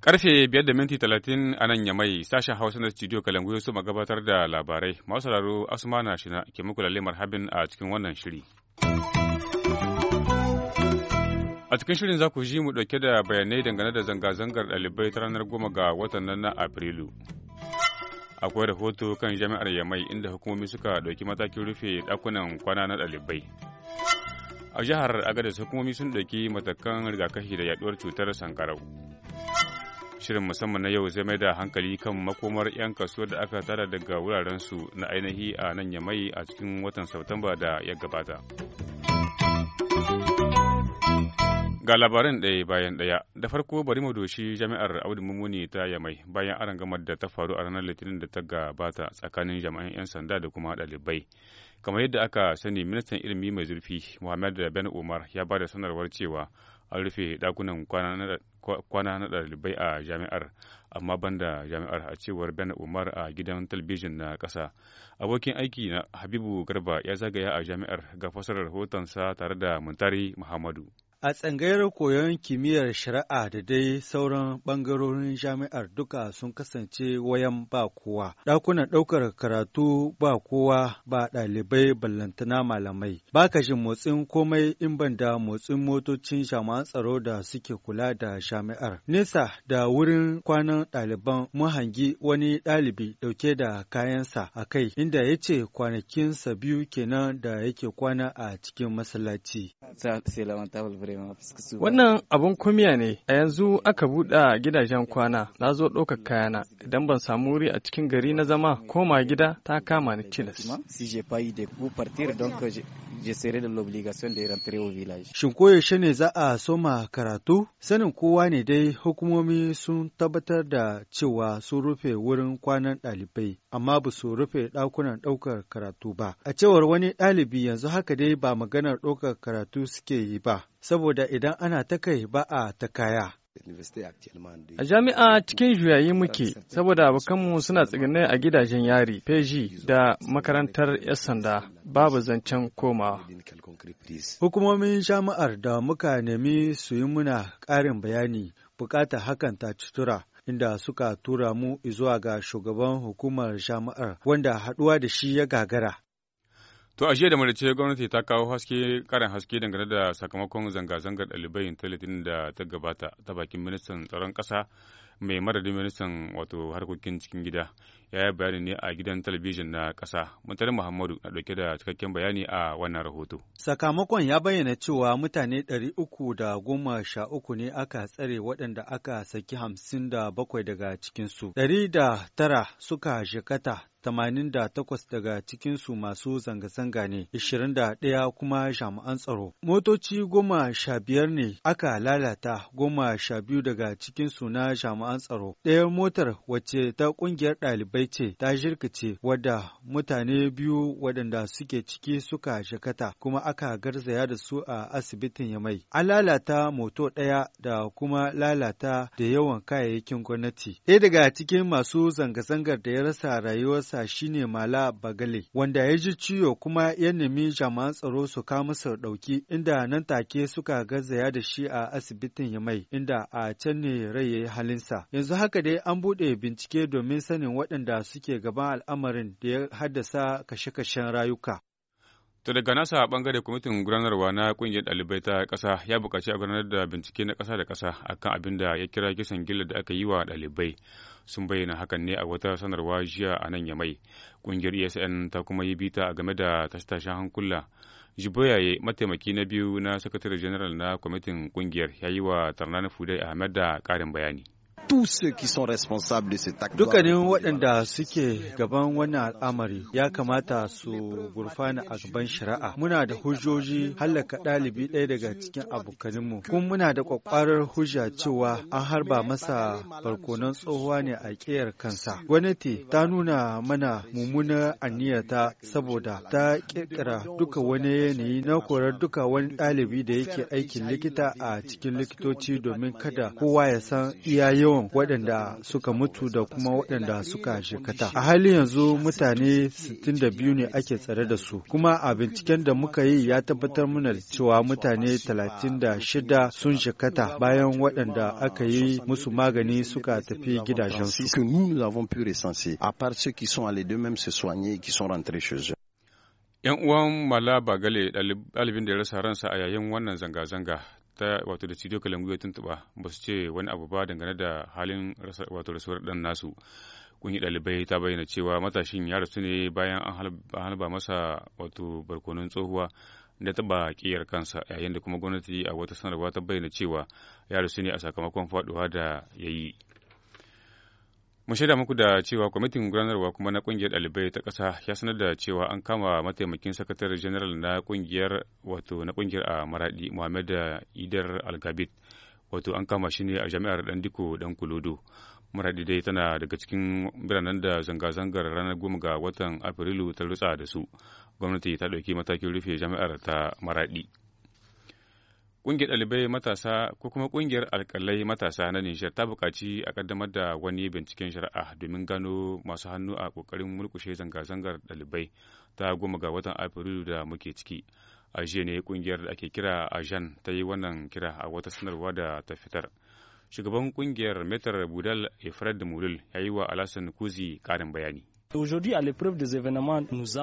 Karfe biyar da minti talatin a nan mai sashen Hausa na studio Kalangu su gabatar da labarai. Masu sauraro Asuma na shina ke muku lalle marhabin a cikin wannan shiri. A cikin shirin za ku ji mu ɗauke da bayanai dangane da zanga-zangar ɗalibai ta ranar goma ga watan nan na Afrilu. akwai rahoto kan jami'ar yamai inda hukumomi suka ɗauki matakin rufe ɗakunan kwana na ɗalibai a jihar agadez hukumomi sun ɗauki matakan rigakafi da yaduwar cutar sankarau shirin musamman na yau zai mai da hankali kan makomar 'yan kasuwar da aka tara daga wurarensu na ainihi a nan yamai a cikin watan satumba da ya gabata. Ga labaran ɗaya bayan ɗaya, da farko bari mu doshi jami'ar Audu Mummuni ta Yamai bayan gamar da ta faru a ranar Litinin da ta gabata tsakanin jami'an 'yan sanda da kuma ɗalibai. Kamar yadda aka sani, ministan ilimi mai zurfi Muhammad Ben Umar ya ba da sanarwar cewa an rufe dakunan kwana na ɗalibai a jami'ar, amma banda jami'ar a cewar Ben Umar a gidan talabijin na ƙasa. Abokin aiki na Habibu Garba ya zagaya a jami'ar ga fasarar hotonsa tare da Muntari Muhammadu. A tsangayar koyon kimiyyar shari'a da dai sauran ɓangarorin jami'ar duka sun kasance wayan ba kowa, ɗakunan ɗaukar karatu ba kowa ba ɗalibai ballantana malamai. Ba ka jin motsin komai in ban da motsin motocin jami'an tsaro da suke kula da jami'ar. Nesa da wurin kwanan ɗaliban mun hangi wani ɗalibi ɗauke da kayansa a kai, inda ya ce kwanakinsa biyu kenan da yake kwana a cikin masallaci. Wannan abun kumiya ne, a yanzu aka buɗe gidajen kwana, na zo ɗaukar kayana, idan ban samu wuri a cikin gari na zama koma gida ta kama ni cilas. j'essaierai de l'obligation de rentrer au village. Shin koyaushe ne za a soma karatu? Sanin kowa ne dai hukumomi sun tabbatar da cewa sun rufe wurin kwanan ɗalibai, amma ba su rufe ɗakunan ɗaukar karatu ba. A cewar wani ɗalibi yanzu haka dai ba maganar ɗaukar karatu suke yi ba, saboda idan ana ta kai ba a ta kaya. A jami'a cikin juyayi muke saboda abokanmu suna tsigine a gidajen yari, feji da makarantar 'yan sanda babu zancen komawa. Hukumomin jami'ar da muka nemi su yi muna ƙarin bayani bukatar hakan ta cutura. inda suka tura mu zuwa ga shugaban hukumar jami'ar wanda haɗuwa da shi ya gagara To a da madace gwamnati ta kawo haske karin haske dangane da sakamakon zanga-zangar ɗalibai talatin da ta gabata ta bakin ministan tsaron ƙasa mai madadin ministan wato harkokin cikin gida ya yi bayani ne a gidan talabijin na ƙasa. mutar Muhammadu na ɗauke da cikakken bayani a wannan rahoto. Sakamakon ya bayyana cewa mutane ɗari uku da goma sha uku ne aka tsare waɗanda aka saki hamsin da bakwai daga cikinsu. Ɗari da tara suka shekata tamanin da takwas daga cikinsu masu zanga-zanga ne, ishirin da ɗaya kuma jami'an tsaro. Motoci goma sha biyar ne aka lalata goma sha biyu daga cikinsu na jami'an tsaro. Ɗayar motar wacce ta ƙungiyar ɗalibai dai ce ta jirkice wadda mutane biyu waɗanda suke ciki suka shakata kuma aka garzaya da su a asibitin Yamai. An lalata moto ɗaya da kuma lalata da yawan kayayyakin gwamnati. Ɗaya daga cikin masu zanga-zangar da ya rasa rayuwarsa shine Mala Bagale, wanda ya ji ciwo kuma ya nemi jama'an tsaro su kawo masa ɗauki inda nan take suka garzaya da shi a asibitin Yamai, inda a can ne rai ya yi halinsa. Yanzu haka dai an buɗe bincike domin sanin waɗanda da suke gaban al'amarin da ya haddasa kashe-kashen rayuka. To daga nasa bangare kwamitin gudanarwa na kungiyar ɗalibai ta ƙasa ya buƙaci a gudanar da bincike na ƙasa da ƙasa akan abin da ya kira kisan gilla da aka yi wa ɗalibai sun bayyana hakan ne a wata sanarwa jiya a nan ya mai kungiyar esn ta kuma yi bita a game da tashe-tashen hankula jiboyaye mataimaki na biyu na sakatare general na kwamitin kungiyar ya yi wa tarnani fudai ahmed da ƙarin bayani Dukkanin waɗanda suke gaban wannan al'amari ya kamata su gurfana a gaban shari'a. Muna da hujjoji hallaka ɗalibi ɗaya daga cikin abokaninmu kuma muna da ƙwaƙwarar hujja cewa an harba masa barkonon tsohuwa ne a ƙiyar kansa. Gwamnati ta nuna mana mummuna aniyarta saboda ta ƙirƙira duka wani yanayi na korar duka wani ɗalibi da yake aikin likita a cikin likitoci domin kada kowa ya san iyayen yau yawan waɗanda suka mutu da kuma waɗanda suka shekata. A hali yanzu mutane 62 ne ake tsare da su, kuma a binciken da muka yi ya tabbatar mana cewa mutane 36 sun shekata bayan waɗanda aka yi musu magani suka tafi gidajensu. ‘Yan uwan Malaba Gale ɗalibin da ya rasa ransa a yayin wannan zanga-zanga ta wato da cidiyo kalangu ya tuntuɓa ba su ce wani abu ba dangane da halin wato rasuwar dan nasu kunyi ɗalibai ta bayyana cewa matashin ya rasu ne bayan an halba masa wato barkonon tsohuwa da taɓa ƙiyar kansa yayin da kuma gwamnati a wata sanarwa ta bayyana cewa ya rasu ne a sakamakon faɗuwa da ya yi. Mu shaida muku da cewa kwamitin gudanarwa kuma na kungiyar dalibai ta kasa ya sanar da cewa an kama mataimakin sakatare general na kungiyar wato na kungiyar a Maradi Muhammad Idar Algabit wato an kama shi ne a jami'ar diko Dan Kulodo. Maradi dai tana daga cikin biranen da zanga-zangar ranar goma ga watan Afrilu ta rutsa da su. Gwamnati ta ɗauki matakin rufe jami'ar ta Maradi. Ƙungiyar ɗalibai matasa ko kuma ƙungiyar alƙalai matasa na Nijar ta buƙaci a ƙaddamar da wani binciken shari'a domin gano masu hannu a ƙoƙarin mulkushe zanga-zangar ɗalibai ta goma ga watan Afrilu da muke ciki. A jiya ne ƙungiyar da ake kira Ajan ta yi wannan kira a wata sanarwa da ta fitar. Shugaban ƙungiyar Metar Budal Efred Mulul ya yi wa Alasan Kuzi ƙarin bayani.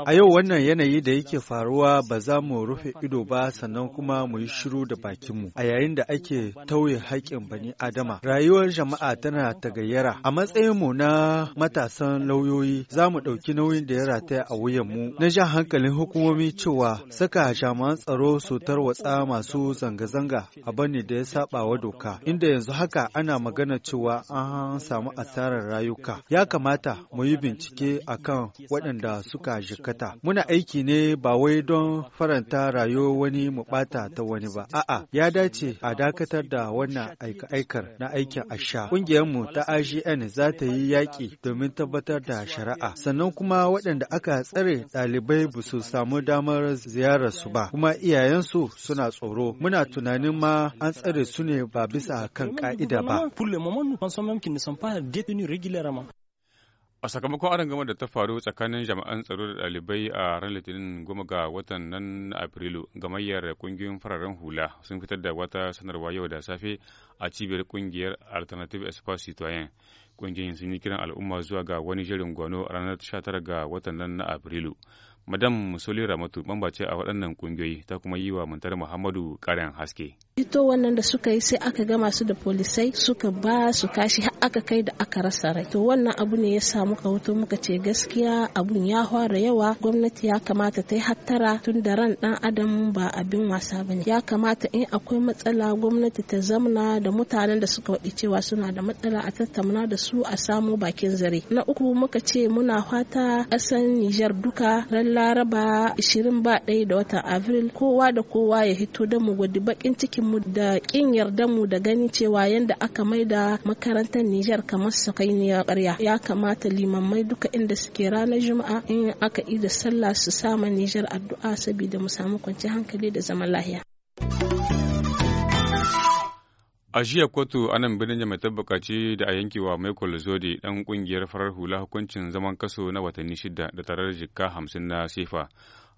A yau wannan yanayi da yake faruwa ba za mu rufe ido ba sannan kuma mu yi shiru da bakinmu a yayin da ake tauye haƙƙin bani adama. Rayuwar jama'a tana tagayyara. A matsayinmu na matasan lauyoyi za mu ɗauki nauyin da ya rataya a wuyanmu na jan hankalin hukumomi cewa saka jami'an tsaro su tarwatsa masu zanga-zanga a ne da ya saba wa doka inda yanzu haka ana magana cewa an samu asarar rayuka. Ya kamata mu yi bincike a akan waɗanda suka jikata. Muna aiki ne ba wai don faranta rayo wani mu ɓata ta wani ba. A'a, ya dace a dakatar da wannan aika-aikar na aikin asha. Ƙungiyarmu ta AGN za ta yi yaƙi domin tabbatar da shari'a. Sannan kuma waɗanda aka tsare ɗalibai ba su samu damar ziyarar su ba, kuma iyayensu suna tsoro. Muna tunanin ma an tsare su ne ba bisa kan ƙa'ida ba. A sakamakon arin gama da ta faru tsakanin jami'an tsaro da ɗalibai a ran Litinin goma ga watan nan Afrilu, gamayyar kungiyoyin fararen hula sun fitar da wata sanarwa yau da safe a cibiyar ƙungiyar Alternative Espace Citoyen. Kungiyoyin sun yi kiran al'umma zuwa ga wani shirin gwano a ranar 19 ga watan nan na Afrilu. madam musoli ramatu ce a waɗannan ƙungiyoyi ta kuma yi wa muntar muhammadu ƙarin haske ito wannan da suka yi sai aka gama su da polisai suka ba su kashi har aka kai da aka rasa rai to wannan abu ne ya samu ka wuto muka ce gaskiya abun ya fara yawa gwamnati ya kamata ta yi hattara tun da ran dan adam ba abin wasa ba ne. ya kamata in akwai matsala gwamnati ta zamna da mutanen da suka waɗi cewa suna da matsala a tattauna da su a samu bakin zare na uku muka ce muna fata ƙasar Nijar duka ralla laraba 21 da watan afril kowa da kowa ya hito da mu gwadi bakin cikin mu da kin yarda mu da gani cewa yanda aka maida makarantar Nijar kamar su kai ne ƙarya ya kamata limammai duka inda suke ranar juma'a in aka yi da sallah su sama Nijar addu'a saboda mu samu kwanci hankali da zaman lahiya A jiya kotu a nan birnin mai bukaci da a yankewa Michael Zodi dan ƙungiyar farar hula hukuncin zaman kaso na watanni shida da tare da jikka hamsin na sifa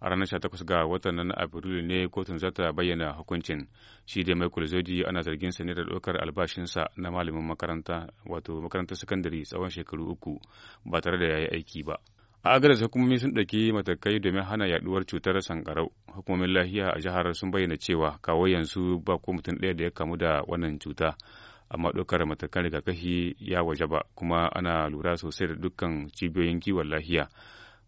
A ranar 18 ga watan nan Afrilu ne kotun za ta bayyana hukuncin. Shi da Michael Zodi ana zargin sa ne da ɗaukar albashinsa na malamin makaranta wato makarantar sakandare tsawon shekaru uku ba tare da ya yi aiki ba. a agadas hukumomi sun ɗauki matakai domin hana yaɗuwar cutar sankarau hukumomin lahiya a jihar sun bayyana cewa kawo yanzu ba ko mutum ɗaya da ya kamu da wannan cuta amma ɗaukar matakan rigakafi ya waje ba kuma ana lura sosai da dukkan cibiyoyin kiwon lahiya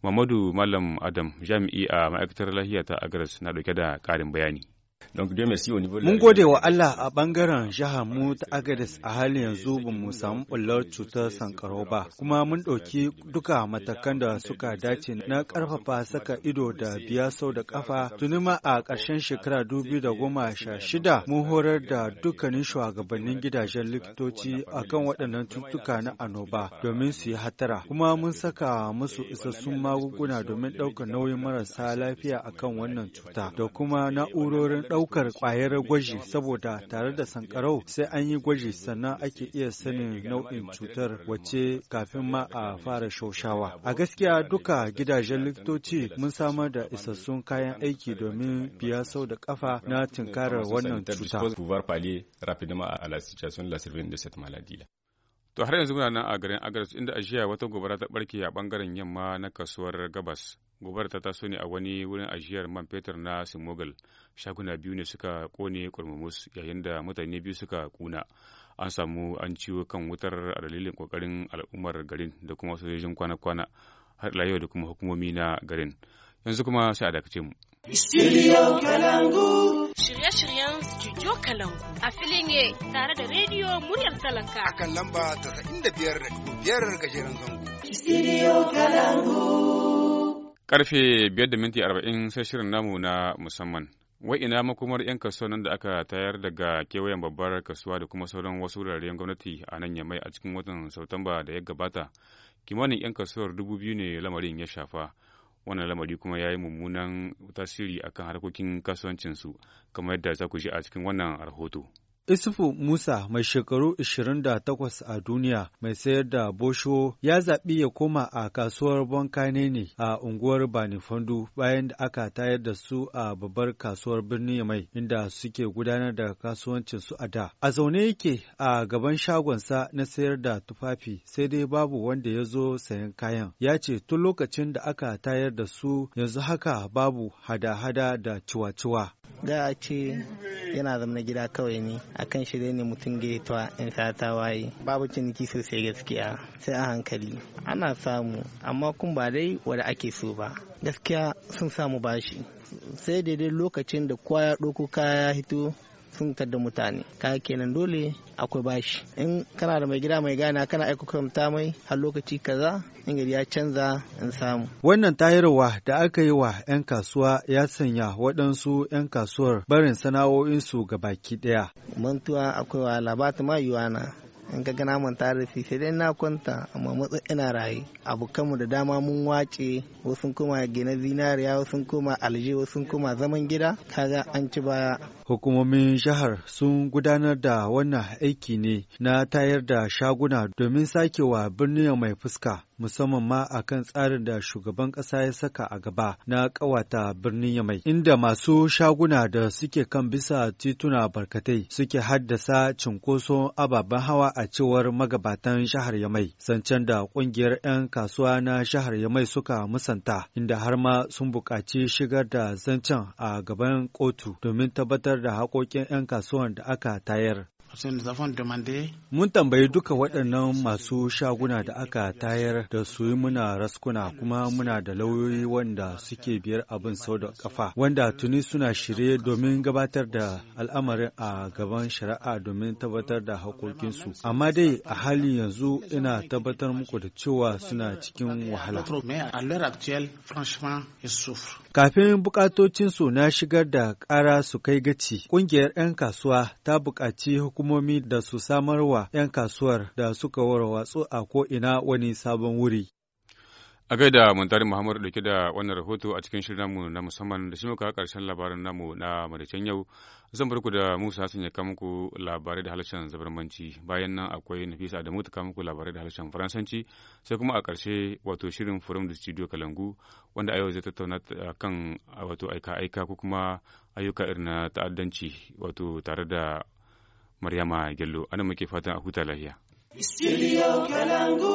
mamadu malam adam jami'i a ma'aikatar lahiya ta agres na ɗauke da ƙarin bayani Mun gode wa Allah a bangaren jihar mu ta Agadez a halin yanzu ba mu samu bullar cutar sankarau ba, kuma mun ɗauki duka matakan da suka dace na ƙarfafa saka ido da biya sau da ƙafa. Tuni ma a ƙarshen shekara dubi da goma sha shida mun horar da dukkanin shugabannin gidajen likitoci a kan waɗannan cututtuka na annoba domin su yi hatara, kuma mun saka musu isassun magunguna domin ɗaukar nauyin marasa lafiya a kan wannan cuta da kuma na'urorin ɗaukar ɗaukar kwayar gwaji saboda tare da sankarau sai an yi gwaji sannan ake iya sanin nau'in cutar wace kafin ma a fara shaushawa. A gaskiya duka gidajen likitoci mun samar da isassun kayan aiki domin biya sau da kafa na tunkarar wannan cuta. To har yanzu muna nan a garin Agares inda ajiya wata gobara ta barke a bangaren yamma na kasuwar Gabas. gobar ta taso ne a wani wurin ajiyar man fetur na simogal shaguna biyu ne suka kone kurmumus yayin da mutane biyu suka kuna an samu an ciwo kan wutar a dalilin kokarin al'ummar garin da kuma sojojin kwana-kwana har yau da kuma hukumomi na garin yanzu kuma sai a dakace mu Studio Kalangu. Shirye-shiryen Studio Kalangu. A filin ye tare da rediyo muryar talaka. A kan lamba 95.5 gajeren zango. Studio Kalangu. Karfe biyar da minti arba'in sai shirin namu na musamman. Wai ina makomar 'yan nan da aka tayar daga kewayen babbar kasuwa da kuma sauran wasu wuraren gwamnati a nan yamai a cikin watan Satumba da ya gabata. Kimanin 'yan kasuwar dubu biyu ne lamarin ya shafa. wannan lamari kuma ya yi mummunan tasiri akan harkokin kasuwancinsu kamar yadda za ku ji a cikin wannan rahoto. Isufu Musa mai shekaru 28 a duniya mai sayar da bosho ya zaɓi ya koma a kasuwar Bonkane ne a unguwar Banifandu bayan da aka tayar da su a babbar kasuwar birnin mai inda suke gudanar da kasuwancin su a da. A zaune yake a gaban shagonsa na sayar da tufafi sai dai babu wanda ya zo sayan kayan. Ya ce tun lokacin da aka tayar da su yanzu haka babu hada-hada da ciwa-ciwa. ga ce yana zama gida kawai ne akan shi ne mutum gaitawa in ta waye babu ciniki sosai gaskiya sai a hankali ana samu amma kun ba dai wadda ake so ba gaskiya sun samu bashi sai daidai lokacin da kowa ya ɗauko kaya ya hito sun da mutane ka kenan dole akwai bashi in kana da mai gida mai gana kana aiko kamta mai har lokaci kaza in ya canza in samu wannan tayarwa da aka yi wa 'yan kasuwa ya sanya waɗansu 'yan kasuwar barin sana'o'insu ga baki ɗaya mantuwa akwai wa labata ma na, in ka gana man tarihi sai dai na kwanta amma matsa ina raye abokanmu da dama mun wace wasu kuma gina zinariya wasu kuma alje wasu kuma zaman gida kaga an ci baya Hukumomin jihar sun gudanar da wannan aiki ne na tayar da shaguna domin sakewa birnin mai fuska musamman ma a kan tsarin da shugaban ƙasa ya saka a gaba na ƙawata birnin Yamai, inda masu shaguna da suke kan bisa tituna barkatai suke haddasa cinkoson ababen hawa a cewar magabatan shahar Yamai, zancen da ƙungiyar 'yan kasuwa na shahar Yamai suka musanta, inda har ma sun buƙaci shigar da zancen a gaban kotu domin tabbatar da haƙoƙin 'yan kasuwan da aka tayar. Mun tambayi duka waɗannan masu shaguna da aka tayar da su yi muna raskuna kuma muna da lauyoyi wanda suke biyar abin sau da ƙafa wanda tuni suna shirye domin gabatar da al'amarin a gaban shari'a domin tabbatar da haƙoƙinsu. Amma dai a halin yanzu ina tabbatar muku da cewa suna cikin wahala. Kafin bukatocinsu na shigar da ƙara su kai gaci, ƙungiyar 'yan kasuwa ta bukaci hukumar hukumomi da su samarwa 'yan kasuwar da suka warwatsu a ko'ina wani sabon wuri. A gaida Muntari Muhammadu dauke da wannan rahoto a cikin shirin namu na musamman da shi muka karshen labarin namu na madacin yau zan barku da Musa Hassan ya kama labarai da harshen zabarmanci bayan nan akwai Nafisa Adamu ta kama muku labarai da harshen Faransanci sai kuma a karshe wato shirin Forum da Studio Kalangu wanda a yau zai tattauna kan wato aika-aika ko kuma ayyuka irin na ta'addanci wato tare da Maryama Gello ana muke fatan a huta lafiya. Studio Kalangu.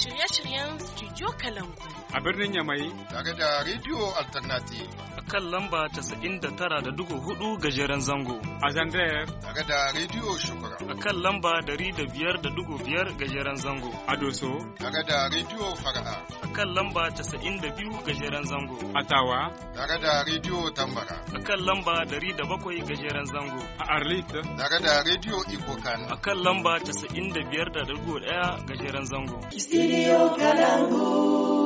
Shirye-shiryen Studio Kalangu. A birnin Yamai. Tare da Radio Alternative. kan lamba 99.4 gajeren zango. A Zandayar. Tare da Radio Shukura. A kan lamba 105.5 gajeren zango. A Doso. Tare da Radio Fara'a. A kan lamba 92 gajeren zango. A Tawa. Tare da Radio Tambara. A kan lamba 107 gajeren zango. A Arlita. Tare da Radio Ikokan. A kan lamba 95.1 gajeren zango. Studio Kalangu.